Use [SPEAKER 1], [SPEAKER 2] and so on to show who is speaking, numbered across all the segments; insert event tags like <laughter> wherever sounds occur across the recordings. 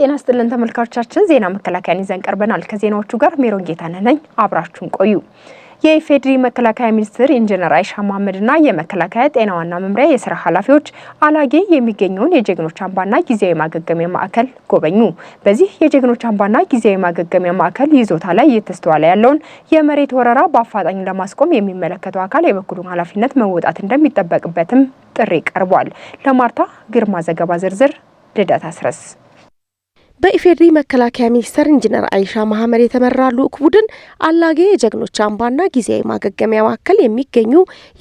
[SPEAKER 1] ጤና ስጥልን ተመልካቾቻችን፣ ዜና መከላከያን ይዘን ቀርበናል። ከዜናዎቹ ጋር ሜሮን ጌታነህ ነኝ። አብራችሁን ቆዩ። የኢፌዴሪ መከላከያ ሚኒስትር ኢንጂነር አይሻ መሐመድና የመከላከያ ጤና ዋና መምሪያ የስራ ኃላፊዎች አላጌ የሚገኘውን የጀግኖች አምባና ጊዜያዊ ማገገሚያ ማዕከል ጎበኙ። በዚህ የጀግኖች አምባና ጊዜያዊ ማገገሚያ ማዕከል ይዞታ ላይ እየተስተዋለ ያለውን የመሬት ወረራ በአፋጣኝ ለማስቆም የሚመለከተው አካል የበኩሉን ኃላፊነት መወጣት እንደሚጠበቅበትም ጥሪ ቀርቧል። ለማርታ ግርማ ዘገባ ዝርዝር ልደት አስረስ በኢፌዴሪ መከላከያ ሚኒስቴር ኢንጂነር አይሻ መሀመድ የተመራ ልዑክ ቡድን አላጌ የጀግኖች አምባና ጊዜያዊ ማገገሚያ ማዕከል የሚገኙ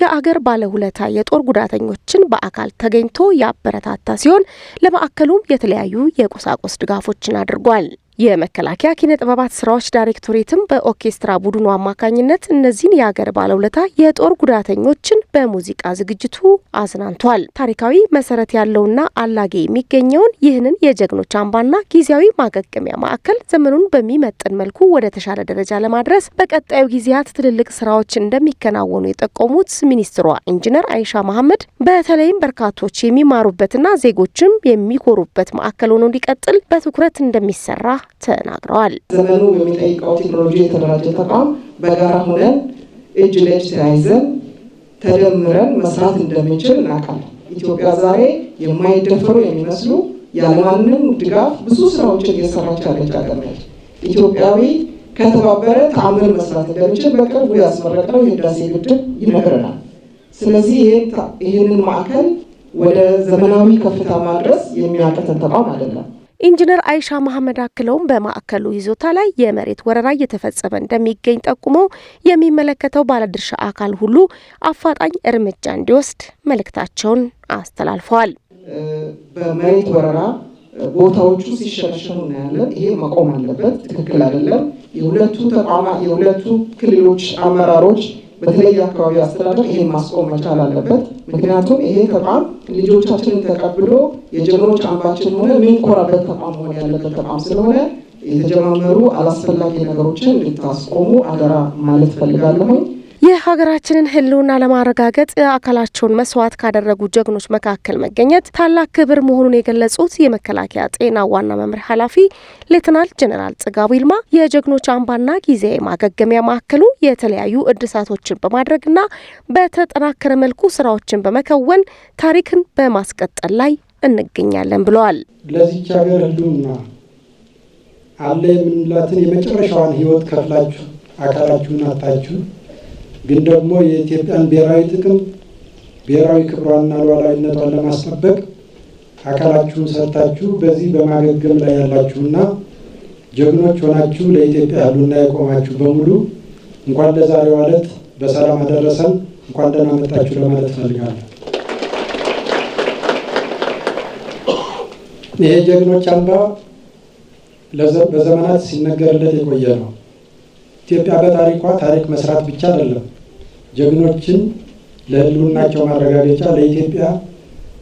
[SPEAKER 1] የአገር ባለውለታ የጦር ጉዳተኞችን በአካል ተገኝቶ ያበረታታ ሲሆን ለማዕከሉም የተለያዩ የቁሳቁስ ድጋፎችን አድርጓል። የመከላከያ ኪነ ጥበባት ስራዎች ዳይሬክቶሬትም በኦርኬስትራ ቡድኑ አማካኝነት እነዚህን የሀገር ባለውለታ የጦር ጉዳተኞችን በሙዚቃ ዝግጅቱ አዝናንቷል። ታሪካዊ መሰረት ያለውና አላጌ የሚገኘውን ይህንን የጀግኖች አምባና ጊዜያዊ ማገገሚያ ማዕከል ዘመኑን በሚመጥን መልኩ ወደ ተሻለ ደረጃ ለማድረስ በቀጣዩ ጊዜያት ትልልቅ ስራዎች እንደሚከናወኑ የጠቆሙት ሚኒስትሯ ኢንጂነር አይሻ መሐመድ በተለይም በርካቶች የሚማሩበትና ዜጎችም የሚኮሩበት ማዕከል ሆኖ እንዲቀጥል በትኩረት እንደሚሰራ ተናግረዋል።
[SPEAKER 2] ዘመኑ የሚጠይቀው ቴክኖሎጂ የተደራጀ ተቋም በጋራ ሆነን እጅ ለእጅ ተያይዘን ተደምረን መስራት እንደምንችል እናውቃለን። ኢትዮጵያ ዛሬ የማይደፈሩ የሚመስሉ ያለማንም ድጋፍ ብዙ ስራዎችን እየሰራች ያለች ሀገር ነች። ኢትዮጵያዊ ከተባበረ ተአምር መስራት እንደሚችል በቅርቡ ያስመረቀው የህዳሴ ግድብ ይነግረናል። ስለዚህ ይህንን ማዕከል ወደ ዘመናዊ ከፍታ ማድረስ የሚያቀተን ተቋም አይደለም።
[SPEAKER 1] ኢንጂነር አይሻ መሐመድ አክለውም በማዕከሉ ይዞታ ላይ የመሬት ወረራ እየተፈጸመ እንደሚገኝ ጠቁመው የሚመለከተው ባለድርሻ አካል ሁሉ አፋጣኝ እርምጃ እንዲወስድ መልእክታቸውን አስተላልፈዋል።
[SPEAKER 2] በመሬት ወረራ ቦታዎቹ ሲሸረሸሩ እናያለን። ይሄ መቆም አለበት፣ ትክክል አይደለም። የሁለቱ ተቋማ የሁለቱ ክልሎች አመራሮች በተለይ አካባቢ አስተዳደር ይሄን ማስቆም መቻል አለበት። ምክንያቱም ይሄ ተቋም ልጆቻችንን ተቀብሎ የጀግኖች አምባችን ሆነ የምንኮራበት ተቋም ሆነ ያለበት ተቋም ስለሆነ የተጀማመሩ አላስፈላጊ ነገሮችን እንድታስቆሙ አደራ ማለት ፈልጋለሁኝ።
[SPEAKER 1] የሀገራችንን ህልውና ለማረጋገጥ አካላቸውን መስዋዕት ካደረጉ ጀግኖች መካከል መገኘት ታላቅ ክብር መሆኑን የገለጹት የመከላከያ ጤና ዋና መምሪያ ኃላፊ ሌትናል ጀኔራል ጽጋቡ ይልማ የጀግኖች አምባና ጊዜያዊ ማገገሚያ ማዕከሉ የተለያዩ እድሳቶችን በማድረግና በተጠናከረ መልኩ ስራዎችን በመከወን ታሪክን በማስቀጠል ላይ እንገኛለን ብለዋል።
[SPEAKER 2] ለዚች ሀገር ሕልውና አለ የምንላትን የመጨረሻዋን ህይወት ከፍላችሁ አካላችሁን አጣችሁ ግን ደግሞ የኢትዮጵያን ብሔራዊ ጥቅም ብሔራዊ ክብሯና ሉዓላዊነቷን ለማስጠበቅ አካላችሁን ሰጥታችሁ በዚህ በማገገም ላይ ያላችሁና ጀግኖች ሆናችሁ ለኢትዮጵያ ያሉና የቆማችሁ በሙሉ እንኳን ለዛሬው ዕለት በሰላም አደረሰን፣ እንኳን ደህና መጣችሁ ለማለት እፈልጋለሁ። ይሄ ጀግኖች አምባ በዘመናት ሲነገርለት የቆየ ነው። ኢትዮጵያ በታሪኳ ታሪክ መስራት ብቻ አይደለም ጀግኖችን ለህልውናቸው ማረጋገጫ ለኢትዮጵያ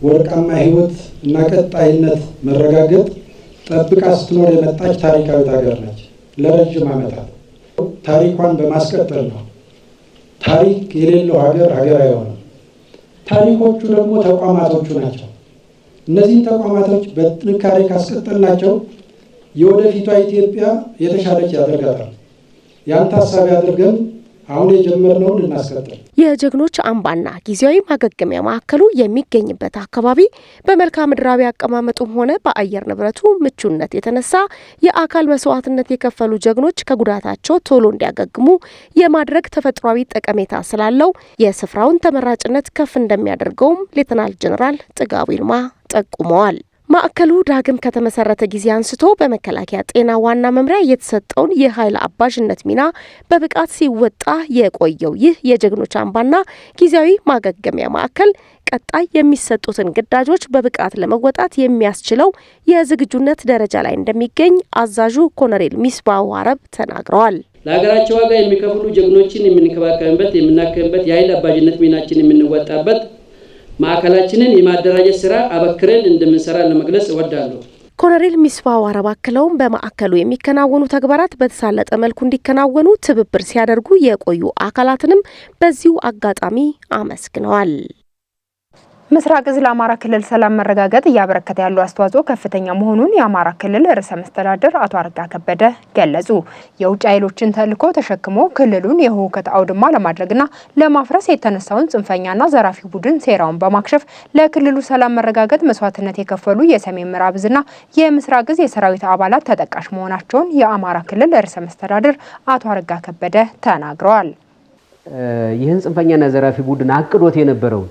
[SPEAKER 2] ወርቃማ ህይወት እና ቀጣይነት መረጋገጥ ጠብቃ ስትኖር የመጣች ታሪካዊት ሀገር ነች። ለረጅም ዓመታት ታሪኳን በማስቀጠል ነው። ታሪክ የሌለው ሀገር ሀገር አይሆንም። ታሪኮቹ ደግሞ ተቋማቶቹ ናቸው። እነዚህን ተቋማቶች በጥንካሬ ካስቀጠልናቸው የወደፊቷ ኢትዮጵያ የተሻለች ያደርጋታል። ያን ታሳቢ አድርገን አሁን የጀመርነውን እናስቀጥል።
[SPEAKER 1] የጀግኖች አምባና ጊዜያዊ ማገገሚያ ማዕከሉ የሚገኝበት አካባቢ በመልክዓ ምድራዊ አቀማመጡም ሆነ በአየር ንብረቱ ምቹነት የተነሳ የአካል መስዋዕትነት የከፈሉ ጀግኖች ከጉዳታቸው ቶሎ እንዲያገግሙ የማድረግ ተፈጥሯዊ ጠቀሜታ ስላለው የስፍራውን ተመራጭነት ከፍ እንደሚያደርገውም ሌተናል ጀኔራል ጥጋቡ ይልማ ጠቁመዋል። ማዕከሉ ዳግም ከተመሰረተ ጊዜ አንስቶ በመከላከያ ጤና ዋና መምሪያ የተሰጠውን የኃይል አባዥነት ሚና በብቃት ሲወጣ የቆየው ይህ የጀግኖች አምባና ጊዜያዊ ማገገሚያ ማዕከል ቀጣይ የሚሰጡትን ግዳጆች በብቃት ለመወጣት የሚያስችለው የዝግጁነት ደረጃ ላይ እንደሚገኝ አዛዡ ኮሎኔል ሚስባው አረብ ተናግረዋል።
[SPEAKER 2] ለሀገራቸው ዋጋ የሚከፍሉ ጀግኖችን የምንከባከብበት፣ የምናከብበት፣ የኃይል አባዥነት ሚናችን የምንወጣበት ማዕከላችንን የማደራጀት ስራ አበክረን እንደምንሰራ ለመግለጽ እወዳለሁ።
[SPEAKER 1] ኮሎኔል ሚስፋ ዋረብ አክለውም በማዕከሉ የሚከናወኑ ተግባራት በተሳለጠ መልኩ እንዲከናወኑ ትብብር ሲያደርጉ የቆዩ አካላትንም በዚሁ አጋጣሚ አመስግነዋል። ምስራቅ እዝ ለአማራ ክልል ሰላም መረጋገጥ እያበረከተ ያለው አስተዋጽኦ ከፍተኛ መሆኑን የአማራ ክልል ርዕሰ መስተዳደር አቶ አረጋ ከበደ ገለጹ። የውጭ ኃይሎችን ተልዕኮ ተሸክሞ ክልሉን የህውከት አውድማ ለማድረግና ለማፍረስ የተነሳውን ጽንፈኛና ዘራፊ ቡድን ሴራውን በማክሸፍ ለክልሉ ሰላም መረጋገጥ መስዋዕትነት የከፈሉ የሰሜን ምዕራብ እዝና የምስራቅ እዝ የሰራዊት አባላት ተጠቃሽ መሆናቸውን የአማራ ክልል ርዕሰ መስተዳድር አቶ አረጋ ከበደ ተናግረዋል።
[SPEAKER 3] ይህን ጽንፈኛና ዘራፊ ቡድን አቅዶት የነበረውን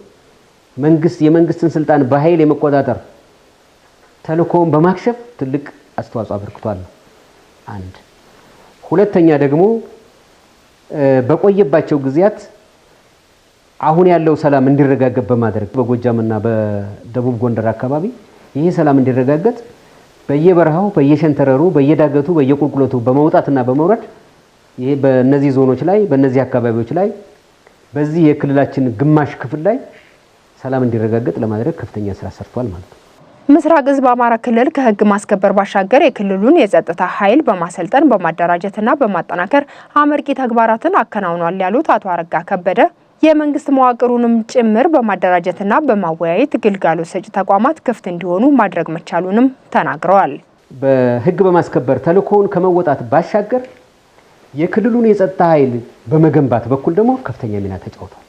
[SPEAKER 3] መንግስት የመንግስትን ስልጣን በኃይል የመቆጣጠር ተልእኮውን በማክሸፍ ትልቅ አስተዋጽኦ አበርክቷል። አንድ ሁለተኛ ደግሞ በቆየባቸው ጊዜያት አሁን ያለው ሰላም እንዲረጋገጥ በማድረግ በጎጃምና በደቡብ ጎንደር አካባቢ ይህ ሰላም እንዲረጋገጥ በየበረሃው፣ በየሸንተረሩ፣ በየዳገቱ፣ በየቁልቁለቱ በመውጣትና በመውረድ ይሄ በእነዚህ ዞኖች ላይ በእነዚህ አካባቢዎች ላይ በዚህ የክልላችን ግማሽ ክፍል ላይ ሰላም እንዲረጋገጥ ለማድረግ ከፍተኛ ስራ ሰርቷል ማለት ነው።
[SPEAKER 1] ምስራቅ ህዝብ አማራ ክልል ከህግ ማስከበር ባሻገር የክልሉን የጸጥታ ኃይል በማሰልጠን በማደራጀትና በማጠናከር አመርቂ ተግባራትን አከናውኗል ያሉት አቶ አረጋ ከበደ የመንግስት መዋቅሩንም ጭምር በማደራጀትና በማወያየት ግልጋሎት ሰጪ ተቋማት ክፍት እንዲሆኑ ማድረግ መቻሉንም ተናግረዋል።
[SPEAKER 3] በህግ በማስከበር ተልእኮውን ከመወጣት ባሻገር የክልሉን የጸጥታ ኃይል በመገንባት በኩል ደግሞ ከፍተኛ ሚና ተጫውቷል።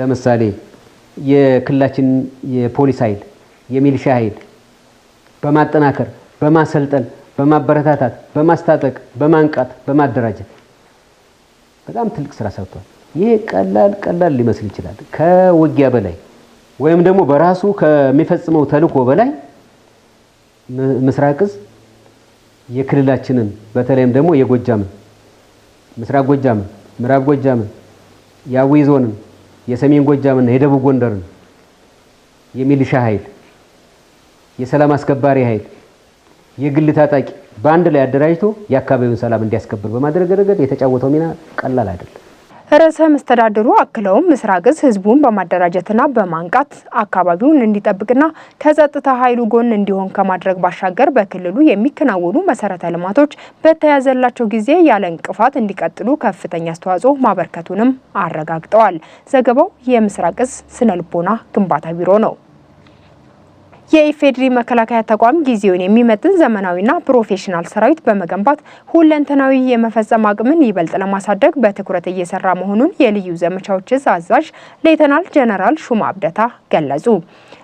[SPEAKER 3] ለምሳሌ የክልላችን የፖሊስ ኃይል የሚሊሻ ኃይል በማጠናከር በማሰልጠን በማበረታታት በማስታጠቅ በማንቃት በማደራጀት በጣም ትልቅ ስራ ሰርቷል። ይህ ቀላል ቀላል ሊመስል ይችላል። ከውጊያ በላይ ወይም ደግሞ በራሱ ከሚፈጽመው ተልዕኮ በላይ ምስራቅ እዝ የክልላችንን በተለይም ደግሞ የጎጃምን ምስራቅ ጎጃምን ምዕራብ ጎጃምን የአዊ ዞንን የሰሜን ጎጃምና የደቡብ ጎንደርን የሚሊሻ ኃይል፣ የሰላም አስከባሪ ኃይል፣ የግል ታጣቂ በአንድ ላይ አደራጅቶ የአካባቢውን ሰላም እንዲያስከብር በማድረግ ረገድ የተጫወተው ሚና ቀላል አይደለም።
[SPEAKER 1] ርዕሰ መስተዳድሩ አክለውም ምስራቅ እዝ ህዝቡን በማደራጀትና በማንቃት አካባቢውን እንዲጠብቅና ከጸጥታ ኃይሉ ጎን እንዲሆን ከማድረግ ባሻገር በክልሉ የሚከናወኑ መሰረተ ልማቶች በተያዘላቸው ጊዜ ያለ እንቅፋት እንዲቀጥሉ ከፍተኛ አስተዋጽኦ ማበርከቱንም አረጋግጠዋል። ዘገባው የምስራቅ እዝ ስነ ልቦና ግንባታ ቢሮ ነው። የኢፌዴሪ መከላከያ ተቋም ጊዜውን የሚመጥን ዘመናዊና ፕሮፌሽናል ሰራዊት በመገንባት ሁለንተናዊ የመፈጸም አቅምን ይበልጥ ለማሳደግ በትኩረት እየሰራ መሆኑን የልዩ ዘመቻዎች እዝ አዛዥ ሌተናል ጀነራል ሹማ አብደታ ገለጹ።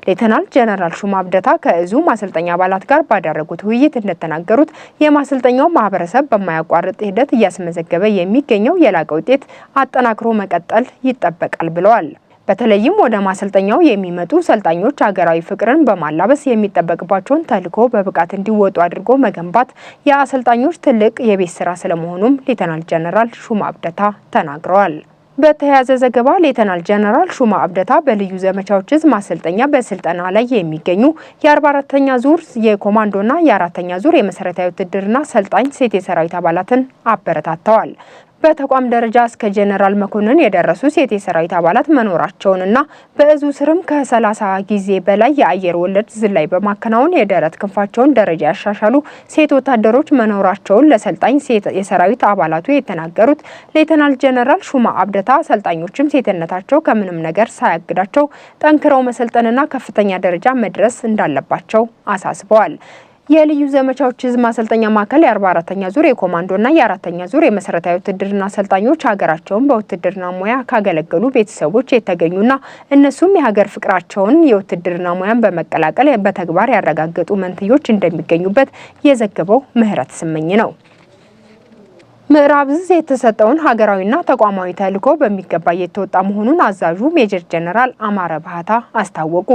[SPEAKER 1] ሌተናል ጀነራል ሹማ አብደታ ከእዙ ማሰልጠኛ አባላት ጋር ባደረጉት ውይይት እንደተናገሩት የማሰልጠኛው ማህበረሰብ በማያቋርጥ ሂደት እያስመዘገበ የሚገኘው የላቀ ውጤት አጠናክሮ መቀጠል ይጠበቃል ብለዋል። በተለይም ወደ ማሰልጠኛው የሚመጡ ሰልጣኞች ሀገራዊ ፍቅርን በማላበስ የሚጠበቅባቸውን ተልዕኮ በብቃት እንዲወጡ አድርጎ መገንባት የአሰልጣኞች ትልቅ የቤት ስራ ስለመሆኑም ሌተናል ጀነራል ሹማ አብደታ ተናግረዋል። በተያያዘ ዘገባ ሌተናል ጀነራል ሹማ አብደታ በልዩ ዘመቻዎች እዝ ማሰልጠኛ በስልጠና ላይ የሚገኙ የ44ተኛ ዙር የኮማንዶና የአራተኛ ዙር የመሰረታዊ ውትድርና ሰልጣኝ ሴት የሰራዊት አባላትን አበረታተዋል። በተቋም ደረጃ እስከ ጀኔራል መኮንን የደረሱ ሴት የሰራዊት አባላት መኖራቸውንና በእዙ ስርም ከ30 ጊዜ በላይ የአየር ወለድ ዝላይ በማከናወን የደረት ክንፋቸውን ደረጃ ያሻሻሉ ሴት ወታደሮች መኖራቸውን ለሰልጣኝ ሴት የሰራዊት አባላቱ የተናገሩት ሌተናል ጄኔራል ሹማ አብደታ ሰልጣኞችም ሴትነታቸው ከምንም ነገር ሳያግዳቸው ጠንክረው መሰልጠንና ከፍተኛ ደረጃ መድረስ እንዳለባቸው አሳስበዋል። የልዩ ዘመቻዎች ህዝብ ማሰልጠኛ ማዕከል የ44ተኛ ዙር የኮማንዶና የአራተኛ ዙር የመሰረታዊ ውትድርና አሰልጣኞች ሀገራቸውን በውትድርና ሙያ ካገለገሉ ቤተሰቦች የተገኙና እነሱም የሀገር ፍቅራቸውን የውትድርና ሙያን በመቀላቀል በተግባር ያረጋገጡ መንትዮች እንደሚገኙበት የዘገበው ምህረት ስመኝ ነው። ምዕራብ እዝ የተሰጠውን ሀገራዊና ተቋማዊ ተልዕኮ በሚገባ እየተወጣ መሆኑን አዛዡ ሜጀር ጀነራል አማረ ባህታ አስታወቁ።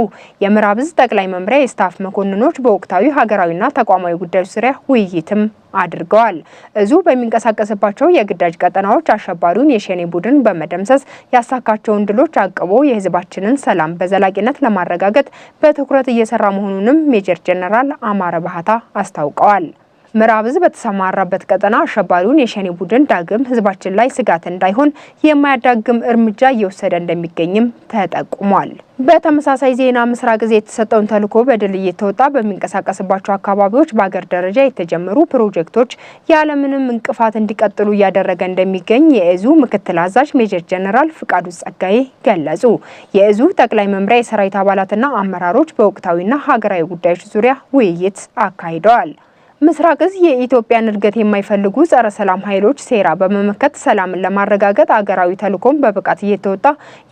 [SPEAKER 1] የምዕራብ እዝ ጠቅላይ መምሪያ የስታፍ መኮንኖች በወቅታዊ ሀገራዊና ተቋማዊ ጉዳዮች ዙሪያ ውይይትም አድርገዋል። እዙ በሚንቀሳቀስባቸው የግዳጅ ቀጠናዎች አሸባሪውን የሸኔ ቡድን በመደምሰስ ያሳካቸውን ድሎች አቅቦ የህዝባችንን ሰላም በዘላቂነት ለማረጋገጥ በትኩረት እየሰራ መሆኑንም ሜጀር ጀነራል አማረ ባህታ አስታውቀዋል። ምዕራብ ዕዝ በተሰማራበት ቀጠና አሸባሪውን የሸኔ ቡድን ዳግም ህዝባችን ላይ ስጋት እንዳይሆን የማያዳግም እርምጃ እየወሰደ እንደሚገኝም ተጠቁሟል። በተመሳሳይ ዜና ምስራቅ ጊዜ የተሰጠውን ተልዕኮ በድል እየተወጣ በሚንቀሳቀስባቸው አካባቢዎች በአገር ደረጃ የተጀመሩ ፕሮጀክቶች ያለምንም እንቅፋት እንዲቀጥሉ እያደረገ እንደሚገኝ የእዙ ምክትል አዛዥ ሜጀር ጀነራል ፍቃዱ ጸጋዬ ገለጹ። የእዙ ጠቅላይ መምሪያ የሰራዊት አባላትና አመራሮች በወቅታዊና ሀገራዊ ጉዳዮች ዙሪያ ውይይት አካሂደዋል። ምስራቅ እዝ የኢትዮጵያን እድገት የማይፈልጉ ጸረ ሰላም ኃይሎች ሴራ በመመከት ሰላምን ለማረጋገጥ አገራዊ ተልዕኮም በብቃት እየተወጣ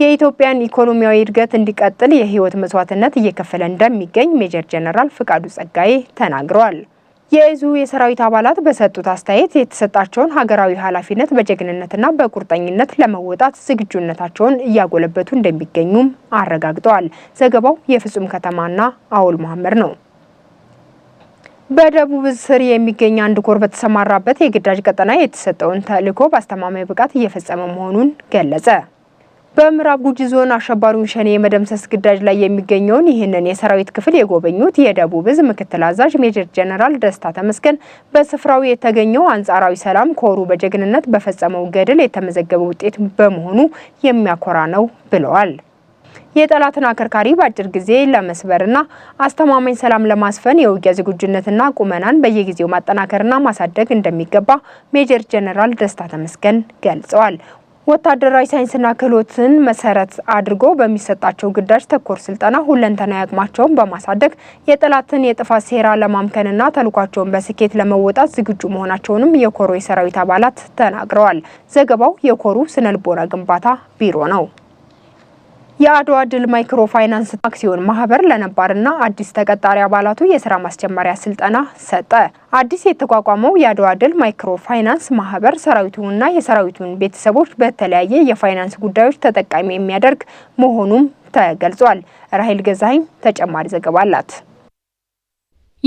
[SPEAKER 1] የኢትዮጵያን ኢኮኖሚያዊ እድገት እንዲቀጥል የህይወት መስዋዕትነት እየከፈለ እንደሚገኝ ሜጀር ጀነራል ፍቃዱ ጸጋዬ ተናግረዋል። የእዙ የሰራዊት አባላት በሰጡት አስተያየት የተሰጣቸውን ሀገራዊ ኃላፊነት በጀግንነትና በቁርጠኝነት ለመወጣት ዝግጁነታቸውን እያጎለበቱ እንደሚገኙም አረጋግጠዋል። ዘገባው የፍጹም ከተማና አውል መሀመድ ነው። በደቡብ ስር የሚገኝ አንድ ኮር በተሰማራበት የግዳጅ ቀጠና የተሰጠውን ተልዕኮ በአስተማማኝ ብቃት እየፈጸመ መሆኑን ገለጸ። በምዕራብ ጉጂ ዞን አሸባሪውን ሸኔ የመደምሰስ ግዳጅ ላይ የሚገኘውን ይህንን የሰራዊት ክፍል የጎበኙት የደቡብ እዝ ምክትል አዛዥ ሜጀር ጀነራል ደስታ ተመስገን በስፍራው የተገኘው አንጻራዊ ሰላም ኮሩ በጀግንነት በፈጸመው ገድል የተመዘገበ ውጤት በመሆኑ የሚያኮራ ነው ብለዋል። የጠላትን አከርካሪ በአጭር ጊዜ ለመስበርና አስተማማኝ ሰላም ለማስፈን የውጊያ ዝግጁነትና ቁመናን በየጊዜው ማጠናከርና ማሳደግ እንደሚገባ ሜጀር ጀነራል ደስታ ተመስገን ገልጸዋል። ወታደራዊ ሳይንስና ክህሎትን መሰረት አድርጎ በሚሰጣቸው ግዳጅ ተኮር ስልጠና ሁለንተና አቅማቸውን በማሳደግ የጠላትን የጥፋት ሴራ ለማምከንና ተልኳቸውን በስኬት ለመወጣት ዝግጁ መሆናቸውንም የኮሩ የሰራዊት አባላት ተናግረዋል። ዘገባው የኮሩ ስነልቦና ግንባታ ቢሮ ነው። የአድዋ ድል ማይክሮ ፋይናንስ አክሲዮን ማህበር ለነባርና አዲስ ተቀጣሪ አባላቱ የስራ ማስጀመሪያ ስልጠና ሰጠ። አዲስ የተቋቋመው የአድዋ ድል ማይክሮ ፋይናንስ ማህበር ሰራዊቱንና የሰራዊቱን ቤተሰቦች በተለያየ የፋይናንስ ጉዳዮች ተጠቃሚ የሚያደርግ መሆኑም ተገልጿል። ራሄል ገዛኸኝ ተጨማሪ ዘገባ አላት።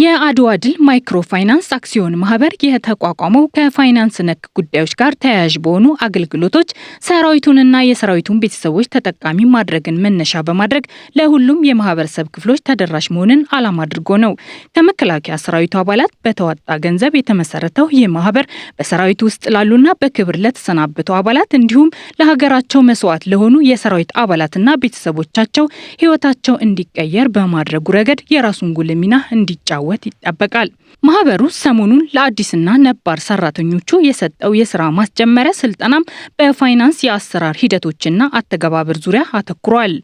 [SPEAKER 1] የአድዋ ድል ማይክሮ ፋይናንስ አክሲዮን ማህበር የተቋቋመው ከፋይናንስ ነክ ጉዳዮች ጋር ተያያዥ በሆኑ አገልግሎቶች ሰራዊቱንና የሰራዊቱን ቤተሰቦች ተጠቃሚ ማድረግን መነሻ በማድረግ ለሁሉም የማህበረሰብ ክፍሎች ተደራሽ መሆንን ዓላማ አድርጎ ነው። ከመከላከያ ሰራዊቱ አባላት በተዋጣ ገንዘብ የተመሰረተው ይህ ማህበር በሰራዊቱ ውስጥ ላሉና በክብር ለተሰናበቱ አባላት እንዲሁም ለሀገራቸው መስዋዕት ለሆኑ የሰራዊት አባላትና ቤተሰቦቻቸው ህይወታቸው እንዲቀየር በማድረጉ ረገድ የራሱን ጉልህ ሚና እንዲጫወ እንደሚጫወት ይጠበቃል። ማህበሩ ሰሞኑን ለአዲስና ነባር ሰራተኞቹ የሰጠው የስራ ማስጀመሪያ ስልጠናም በፋይናንስ የአሰራር ሂደቶችና አተገባበር ዙሪያ አተኩሯል።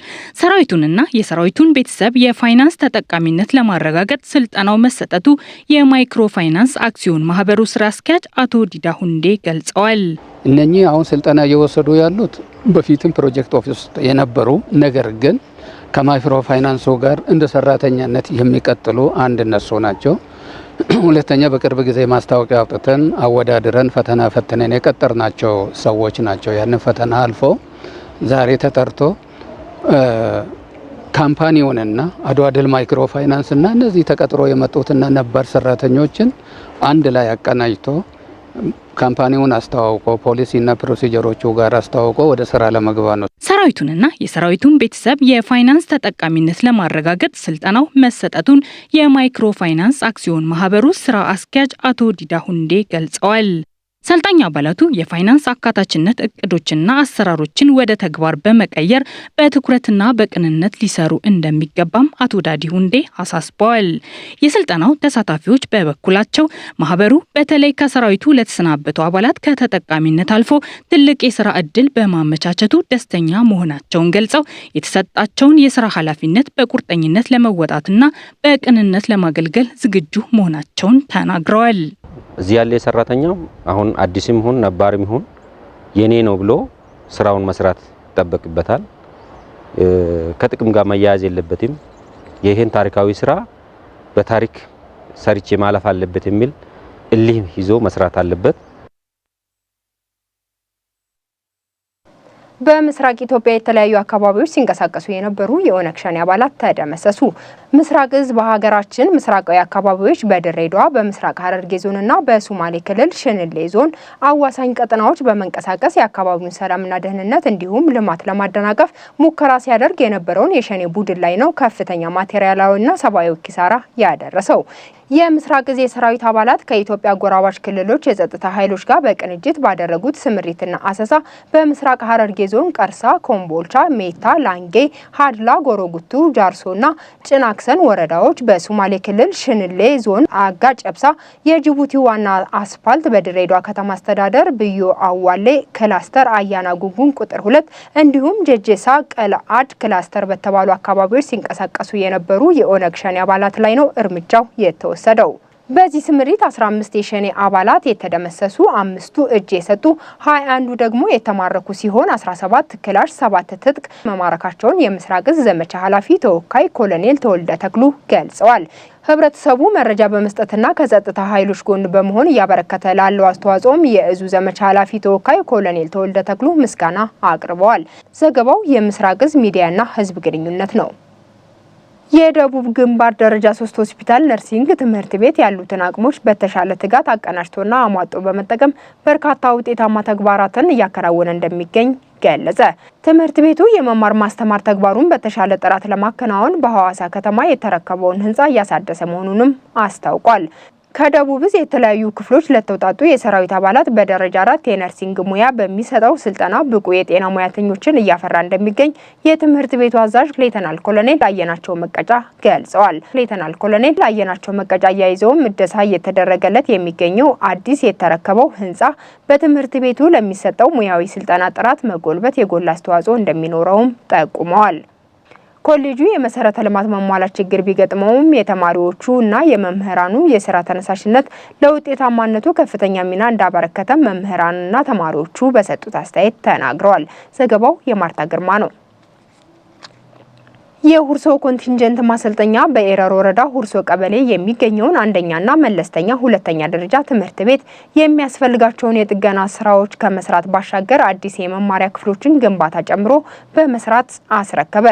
[SPEAKER 1] ሰራዊቱንና የሰራዊቱን ቤተሰብ የፋይናንስ ተጠቃሚነት ለማረጋገጥ ስልጠናው መሰጠቱ የማይክሮ ፋይናንስ አክሲዮን ማህበሩ ስራ አስኪያጅ አቶ ዲዳ ሁንዴ ገልጸዋል።
[SPEAKER 4] እነኚህ አሁን ስልጠና እየወሰዱ ያሉት በፊትም ፕሮጀክት ኦፊስ ውስጥ የነበሩ ነገር ግን ከማይክሮ ፋይናንሱ ጋር እንደ ሰራተኛነት የሚቀጥሉ አንድ እነሱ ናቸው። <clears throat> ሁለተኛ በቅርብ ጊዜ ማስታወቂያ አውጥተን አወዳድረን ፈተና ፈትነን የቀጠርናቸው ሰዎች ናቸው። ያንን ፈተና አልፎ ዛሬ ተጠርቶ ካምፓኒውንና አድዋ ድል ማይክሮ ፋይናንስና እነዚህ ተቀጥሮ የመጡትና ነባር ሰራተኞችን አንድ ላይ አቀናጅቶ ካምፓኒውን አስተዋውቆ ፖሊሲና ፕሮሲጀሮቹ ጋር አስተዋውቆ ወደ ስራ ለመግባት ነው።
[SPEAKER 1] ሰራዊቱንና የሰራዊቱን ቤተሰብ የፋይናንስ ተጠቃሚነት ለማረጋገጥ ስልጠናው መሰጠቱን የማይክሮ ፋይናንስ አክሲዮን ማህበሩ ስራ አስኪያጅ አቶ ዲዳ ሁንዴ ገልጸዋል። ሰልጣኝ አባላቱ የፋይናንስ አካታችነት እቅዶችና አሰራሮችን ወደ ተግባር በመቀየር በትኩረትና በቅንነት ሊሰሩ እንደሚገባም አቶ ዳዲ ሁንዴ አሳስበዋል። የስልጠናው ተሳታፊዎች በበኩላቸው ማህበሩ በተለይ ከሰራዊቱ ለተሰናበቱ አባላት ከተጠቃሚነት አልፎ ትልቅ የስራ ዕድል በማመቻቸቱ ደስተኛ መሆናቸውን ገልጸው የተሰጣቸውን የስራ ኃላፊነት በቁርጠኝነት ለመወጣትና በቅንነት ለማገልገል ዝግጁ መሆናቸውን ተናግረዋል።
[SPEAKER 5] እዚህ ያለ ሰራተኛ አሁን አዲስም ይሁን ነባርም ይሁን የኔ ነው ብሎ ስራውን መስራት ይጠበቅበታል። ከጥቅም ጋር መያያዝ የለበትም። ይህን ታሪካዊ ስራ በታሪክ ሰርቼ ማለፍ አለበት የሚል እልህ ይዞ መስራት አለበት።
[SPEAKER 1] በምስራቅ ኢትዮጵያ የተለያዩ አካባቢዎች ሲንቀሳቀሱ የነበሩ የኦነግ ሸኔ አባላት ተደመሰሱ። ምስራቅ እዝ በሀገራችን ምስራቃዊ አካባቢዎች በድሬዳዋ በምስራቅ ሐረርጌ ዞንና በሶማሌ ክልል ሽንሌ ዞን አዋሳኝ ቀጠናዎች በመንቀሳቀስ የአካባቢውን ሰላምና ደህንነት እንዲሁም ልማት ለማደናቀፍ ሙከራ ሲያደርግ የነበረውን የሸኔ ቡድን ላይ ነው ከፍተኛ ማቴሪያላዊና ሰብአዊ ኪሳራ ያደረሰው። የምስራቅ እዝ የሰራዊት አባላት ከኢትዮጵያ ጎራባች ክልሎች የጸጥታ ኃይሎች ጋር በቅንጅት ባደረጉት ስምሪትና አሰሳ በምስራቅ ሐረርጌ ዞን ቀርሳ፣ ኮምቦልቻ፣ ሜታ፣ ላንጌ፣ ሀድላ፣ ጎሮጉቱ፣ ጃርሶና ጭና ጃክሰን ወረዳዎች በሶማሌ ክልል ሽንሌ ዞን አጋ ጨብሳ፣ የጅቡቲ ዋና አስፋልት በድሬዳዋ ከተማ አስተዳደር ብዩ አዋሌ ክላስተር አያና ጉንጉን ቁጥር ሁለት እንዲሁም ጀጄሳ ቀልአድ ክላስተር በተባሉ አካባቢዎች ሲንቀሳቀሱ የነበሩ የኦነግ ሸኔ አባላት ላይ ነው እርምጃው የተወሰደው። በዚህ ስምሪት 15 የሸኔ አባላት የተደመሰሱ፣ አምስቱ እጅ የሰጡ፣ 21ዱ ደግሞ የተማረኩ ሲሆን 17 ክላሽ፣ 7 ትጥቅ መማረካቸውን የምስራቅ እዝ ዘመቻ ኃላፊ ተወካይ ኮሎኔል ተወልደ ተክሉ ገልጸዋል። ህብረተሰቡ መረጃ በመስጠትና ከጸጥታ ኃይሎች ጎን በመሆን እያበረከተ ላለው አስተዋጽኦም የእዙ ዘመቻ ኃላፊ ተወካይ ኮሎኔል ተወልደ ተክሉ ምስጋና አቅርበዋል። ዘገባው የምስራቅ እዝ ሚዲያና ህዝብ ግንኙነት ነው። የደቡብ ግንባር ደረጃ ሶስት ሆስፒታል ነርሲንግ ትምህርት ቤት ያሉትን አቅሞች በተሻለ ትጋት አቀናጅቶና አሟጦ በመጠቀም በርካታ ውጤታማ ተግባራትን እያከናወነ እንደሚገኝ ገለጸ። ትምህርት ቤቱ የመማር ማስተማር ተግባሩን በተሻለ ጥራት ለማከናወን በሐዋሳ ከተማ የተረከበውን ህንፃ እያሳደሰ መሆኑንም አስታውቋል። ከደቡብ ዕዝ የተለያዩ ክፍሎች ለተውጣጡ የሰራዊት አባላት በደረጃ አራት የነርሲንግ ሙያ በሚሰጠው ስልጠና ብቁ የጤና ሙያተኞችን እያፈራ እንደሚገኝ የትምህርት ቤቱ አዛዥ ሌተናል ኮሎኔል አየናቸው መቀጫ ገልጸዋል። ሌተናል ኮሎኔል አየናቸው መቀጫ አያይዘውም እደሳ እየተደረገለት የሚገኘው አዲስ የተረከበው ህንፃ በትምህርት ቤቱ ለሚሰጠው ሙያዊ ስልጠና ጥራት መጎልበት የጎላ አስተዋጽኦ እንደሚኖረውም ጠቁመዋል። ኮሌጁ የመሰረተ ልማት መሟላት ችግር ቢገጥመውም የተማሪዎቹ እና የመምህራኑ የስራ ተነሳሽነት ለውጤታማነቱ ከፍተኛ ሚና እንዳበረከተ መምህራኑና ተማሪዎቹ በሰጡት አስተያየት ተናግረዋል። ዘገባው የማርታ ግርማ ነው። የሁርሶ ኮንቲንጀንት ማሰልጠኛ በኤረር ወረዳ ሁርሶ ቀበሌ የሚገኘውን አንደኛና መለስተኛ ሁለተኛ ደረጃ ትምህርት ቤት የሚያስፈልጋቸውን የጥገና ስራዎች ከመስራት ባሻገር አዲስ የመማሪያ ክፍሎችን ግንባታ ጨምሮ በመስራት አስረከበ።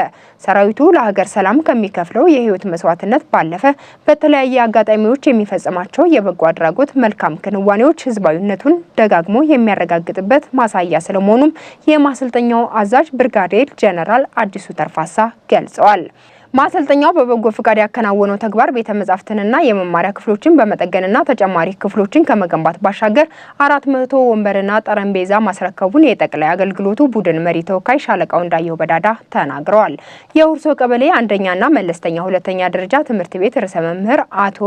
[SPEAKER 1] ሰራዊቱ ለሀገር ሰላም ከሚከፍለው የህይወት መስዋዕትነት ባለፈ በተለያየ አጋጣሚዎች የሚፈጽማቸው የበጎ አድራጎት መልካም ክንዋኔዎች ህዝባዊነቱን ደጋግሞ የሚያረጋግጥበት ማሳያ ስለመሆኑም የማሰልጠኛው አዛዥ ብርጋዴር ጄኔራል አዲሱ ተርፋሳ ገልጸዋል። চল ማሰልጠኛው በበጎ ፍቃድ ያከናወነው ተግባር ቤተ መጻሕፍትንና የመማሪያ ክፍሎችን በመጠገንና ተጨማሪ ክፍሎችን ከመገንባት ባሻገር አራት መቶ ወንበርና ጠረጴዛ ማስረከቡን የጠቅላይ አገልግሎቱ ቡድን መሪ ተወካይ ሻለቃው እንዳየው በዳዳ ተናግረዋል። የሁርሶ ቀበሌ አንደኛና መለስተኛ ሁለተኛ ደረጃ ትምህርት ቤት ርዕሰ መምህር አቶ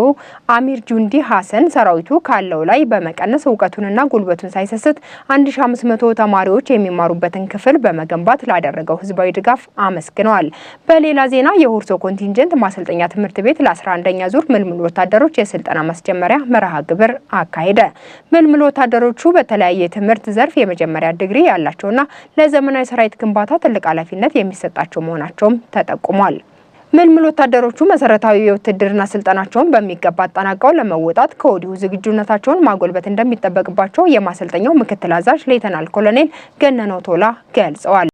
[SPEAKER 1] አሚር ጁንዲ ሀሰን ሰራዊቱ ካለው ላይ በመቀነስ እውቀቱንና ጉልበቱን ሳይሰስት 1500 ተማሪዎች የሚማሩበትን ክፍል በመገንባት ላደረገው ህዝባዊ ድጋፍ አመስግነዋል። በሌላ ዜና የሁርሶ ኮንቲንጀንት ማሰልጠኛ ትምህርት ቤት ለ11ኛ ዙር ምልምል ወታደሮች የስልጠና ማስጀመሪያ መርሃ ግብር አካሄደ። ምልምል ወታደሮቹ በተለያየ ትምህርት ዘርፍ የመጀመሪያ ዲግሪ ያላቸውና ለዘመናዊ ሰራዊት ግንባታ ትልቅ ኃላፊነት የሚሰጣቸው መሆናቸውም ተጠቁሟል። ምልምል ወታደሮቹ መሰረታዊ የውትድርና ስልጠናቸውን በሚገባ አጠናቀው ለመወጣት ከወዲሁ ዝግጁነታቸውን ማጎልበት እንደሚጠበቅባቸው የማሰልጠኛው ምክትል አዛዥ ሌተናል ኮሎኔል ገነኖ ቶላ ገልጸዋል።